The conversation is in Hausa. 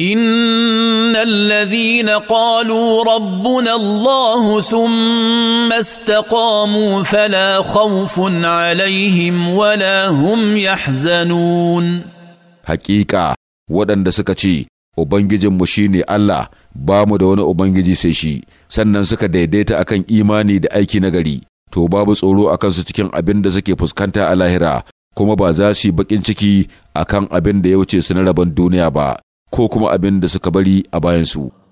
ان الذين قالوا ربنا الله ثم استقاموا فلا خوف عليهم ولا هم يحزنون حقيقه waɗanda suka ce ubangijinmu shine Allah ba mu da wani ubangiji sai shi sannan suka daidaita akan imani da aiki nagari to babu tsoro akan su cikin abin da suke fuskanta a lahira kuma ba za su yi bakin ciki akan abin da ya wuce su na rabon duniya ba ko kuma abin da suka bari a bayansu.